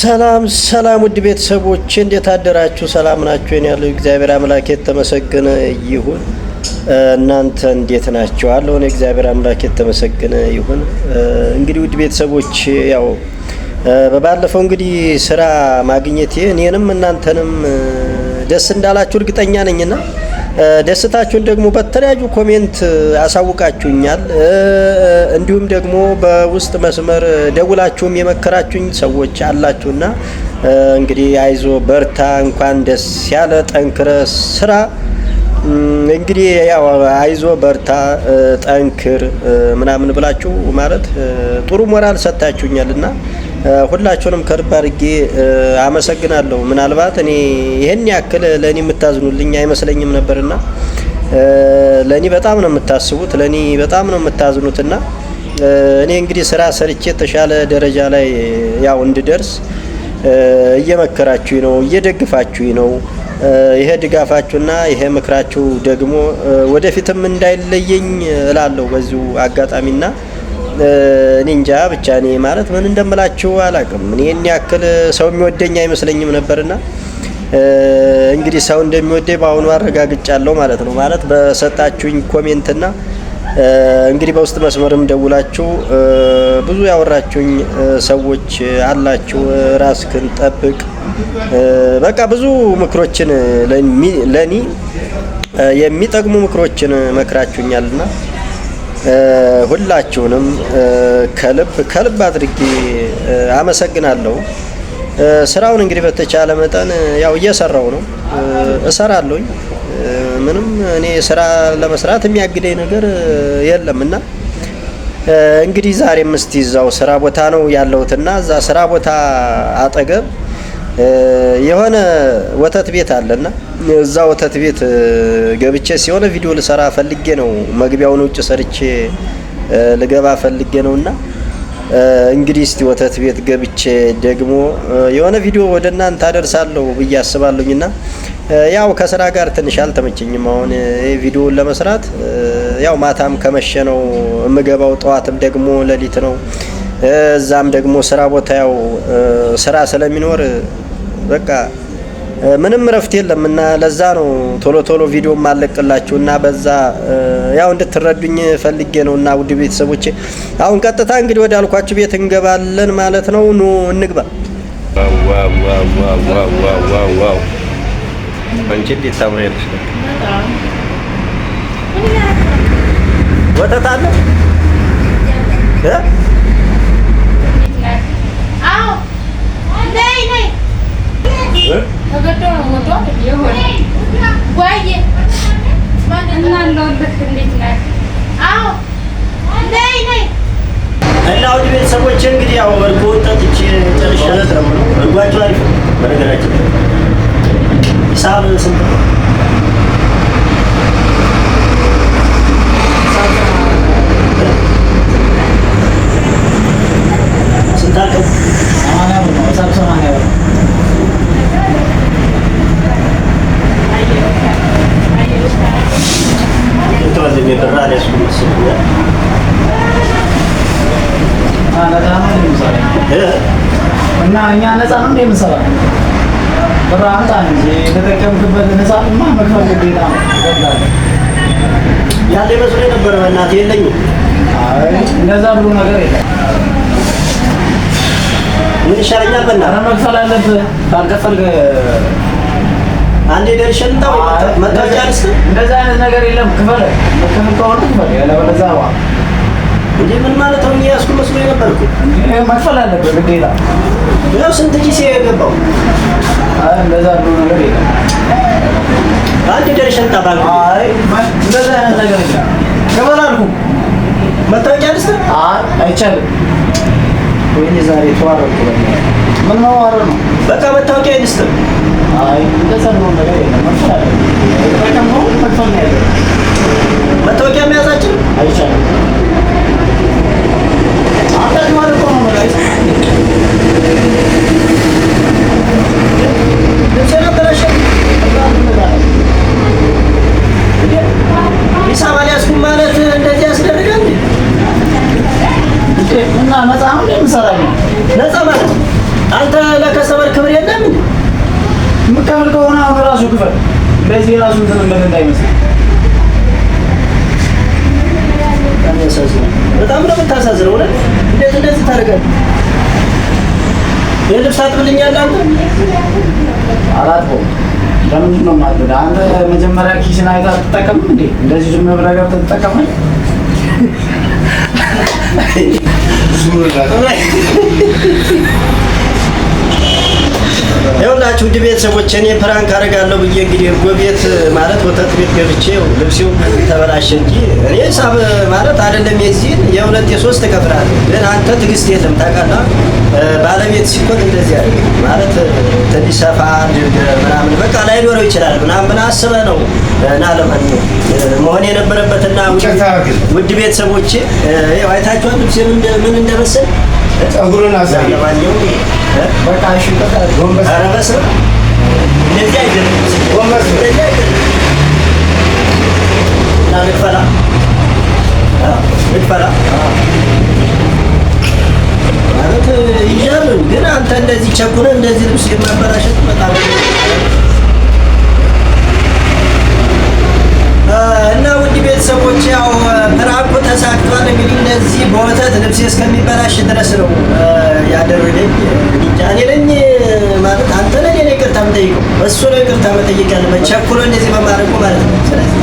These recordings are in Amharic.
ሰላም ሰላም፣ ውድ ቤተሰቦች እንዴት አደራችሁ? ሰላም ናችሁ? እኔ ያለው እግዚአብሔር አምላክ የተመሰገነ ይሁን። እናንተ እንዴት ናችሁ? አለው እኔ እግዚአብሔር አምላክ የተመሰገነ ይሁን። እንግዲህ ውድ ቤተሰቦች ያው በባለፈው እንግዲህ ስራ ማግኘቴ እኔንም እናንተንም ደስ እንዳላችሁ እርግጠኛ ነኝና ደስታችሁን ደግሞ በተለያዩ ኮሜንት አሳውቃችሁኛል። እንዲሁም ደግሞ በውስጥ መስመር ደውላችሁም የመከራችሁኝ ሰዎች አላችሁና እንግዲህ አይዞ በርታ፣ እንኳን ደስ ያለ፣ ጠንክረ ስራ። እንግዲህ ያው አይዞ በርታ፣ ጠንክር ምናምን ብላችሁ ማለት ጥሩ ሞራል ሰጥታችሁኛልና ሁላችሁንም ከርብ አድርጌ አመሰግናለሁ። ምናልባት እኔ ይህን ያክል ለእኔ የምታዝኑልኝ አይመስለኝም ነበርና ለእኔ በጣም ነው የምታስቡት፣ ለእኔ በጣም ነው የምታዝኑትና እኔ እንግዲህ ስራ ሰርቼ የተሻለ ደረጃ ላይ ያው እንድደርስ እየመከራችሁኝ ነው፣ እየደግፋችሁኝ ነው። ይሄ ድጋፋችሁና ይሄ ምክራችሁ ደግሞ ወደፊትም እንዳይለየኝ እላለሁ በዚሁ አጋጣሚና እኔ እንጃ ብቻ እኔ ማለት ምን እንደምላችሁ አላቅም። ይህን ያክል ሰው የሚወደኝ አይመስለኝም ነበርና እንግዲህ ሰው እንደሚወደኝ በአሁኑ አረጋግጫለሁ ማለት ነው። ማለት በሰጣችሁኝ ኮሜንትና እንግዲህ በውስጥ መስመርም ደውላችሁ ብዙ ያወራችሁኝ ሰዎች አላችሁ። ራስክን ጠብቅ፣ በቃ ብዙ ምክሮችን ለእኔ የሚጠቅሙ ምክሮችን መክራችሁኛልና ሁላችሁንም ከልብ ከልብ አድርጌ አመሰግናለሁ። ስራውን እንግዲህ በተቻለ መጠን ያው እየሰራው ነው እሰራለሁኝ። ምንም እኔ ስራ ለመስራት የሚያግደኝ ነገር የለም እና እንግዲህ ዛሬም እስቲ እዛው ስራ ቦታ ነው ያለሁትና እዛ ስራ ቦታ አጠገብ የሆነ ወተት ቤት አለና እዛ ወተት ቤት ገብቼ ሲሆነ ቪዲዮ ልሰራ ፈልጌ ነው። መግቢያውን ውጭ ሰርቼ ልገባ ፈልጌ ነው እና እንግዲህ እስቲ ወተት ቤት ገብቼ ደግሞ የሆነ ቪዲዮ ወደ እናንተ አደርሳለሁ ብዬ አስባለሁኝ። ያው ከስራ ጋር ትንሽ አልተመቸኝም አሁን ቪዲዮውን ለመስራት። ያው ማታም ከመሸ ነው የምገባው፣ ጠዋትም ደግሞ ሌሊት ነው። እዛም ደግሞ ስራ ቦታ ያው ስራ ስለሚኖር በቃ ምንም እረፍት የለም እና ለዛ ነው ቶሎ ቶሎ ቪዲዮ ማለቅላችሁ እና በዛ ያው እንድትረዱኝ ፈልጌ ነው። እና ውድ ቤተሰቦቼ አሁን ቀጥታ እንግዲህ ወደ አልኳችሁ ቤት እንገባለን ማለት ነው። ኑ እንግባ። ወተት አለ ተገደው ነው ሞቷል። የሆነ ዋዬ እና እንደውልህ እንዴት ነህ? አዎ ነይ ነይ እና ውድ ቤተሰቦች እንግዲህ ያው እርጎ ጠጥቼ ጨርሻለሁ። እርጓቸው አሪፍ በነገራችን ሂሳብ ስንት ነው? የብራ ሊያስኩ መስሎኛል። እና እኛ ነፃ ነው እንደምንሰራ ብራ አምጣ እንጂ የተጠቀምክበት ነፃ ማ መክፈል ግዴታ ነው። ያለ መስሎ የነበረ በእናትህ የለኝም። እንደዛ ብሎ ነገር የለም። ምን ይሻለኛል? በእናትህ መክፈል አለብህ ካልከፈልክ አንዴ ደርሼ ወይ መታወቂያ ልስጥ? እንደዛ አይነት ነገር የለም። ክፈለ መከፈል ከሆነ ክፈል፣ ያለበለዛ ዋ እንዴ ምን ማለት ነው? ያስኩ መስሎ የነበርኩ መክፈል አለበት ግዴታ። ያው ስንት ጊዜ የገባው እንደዛ ነው ነገር የለም። አንዴ ደርሼ ልምጣ አይ እንደዛ አይነት ነገር የለም። ክፈል አልኩህ። መታወቂያ ልስጥ? አይቻልም ወይኔ ዛሬ ተዋረድኩ። ምን መዋረድ ነው? በቃ መታወቂያ አይደስትም። አይ እንደዛ ነው ነገር የለም። መታወቂያ መያዛችን አይቻልም። እንደዚህ የራሱ ተመለከ እንዳይመስል በጣም ነው የምታሳዝነው። እውነት እንዴት እንደዚህ ታደርጋለህ? የልብስ አጥብልኛለህ አንተ አራት ነው። ለምንድን ነው የማጥብልህ? አንተ መጀመሪያ ኪስን አይታ አትጠቀምም እንዴ? እንደዚህ ዝም ብለህ ጋር ትጠቀማለህ። ዙር ይኸውላችሁ ውድ ቤተሰቦች እኔ ፕራንክ አደርጋለሁ ብዬ እንግዲህ እርጎ ቤት ማለት ወተት ቤት ገብቼ ልብሴው ተበላሸ እንጂ እኔ ሳብ ማለት አይደለም የዚህን የሁለት የሶስት እከፍላለሁ። ግን አንተ ትዕግስት የለም ታውቃለህ። ባለቤት ሲኮን እንደዚህ አለ ማለት ትንሽ ሰፋ ምናምን በቃ ላይኖረው ይችላል ምናምን አስበህ ነው እና ለማን መሆን የነበረበትና ውድ ቤተሰቦቼ አይታችኋል ልብሴ ምን እንደመሰል ጸጉርን አሳየው። እንደዚህ አይደለም እንደዚህ ግን አንተ እንደዚህ ቸኩለህ እንደዚህ ልብስ የማበላሸት በጣም ተሳክቷል። እንግዲህ እንደዚህ በወተት ልብሴ እስከሚበላሽ ድረስ ነው ያደረገኝ። እኔ ነኝ ማለት አንተ ነህ እኔ ይቅርታ የምጠይቀው እሱ ነው ይቅርታ መጠየቅ ያለበት ቸኩሎ እንደዚህ በማድረጉ ማለት ነው። ስለዚህ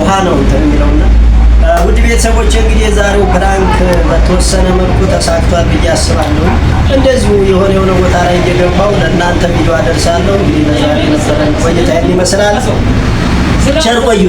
ውሃ ነው እንትን የሚለውና ውድ ቤተሰቦች እንግዲህ የዛሬው ፕራንክ በተወሰነ መልኩ ተሳክቷል ብዬ አስባለሁ። እንደዚሁ የሆነ የሆነ ቦታ ላይ እየገባው ለእናንተ ቪዲዮ አደርሳለሁ። እንግዲህ ለዛሬ ነበረን ቆይታ ይመስላል። ቸር ቆዩ።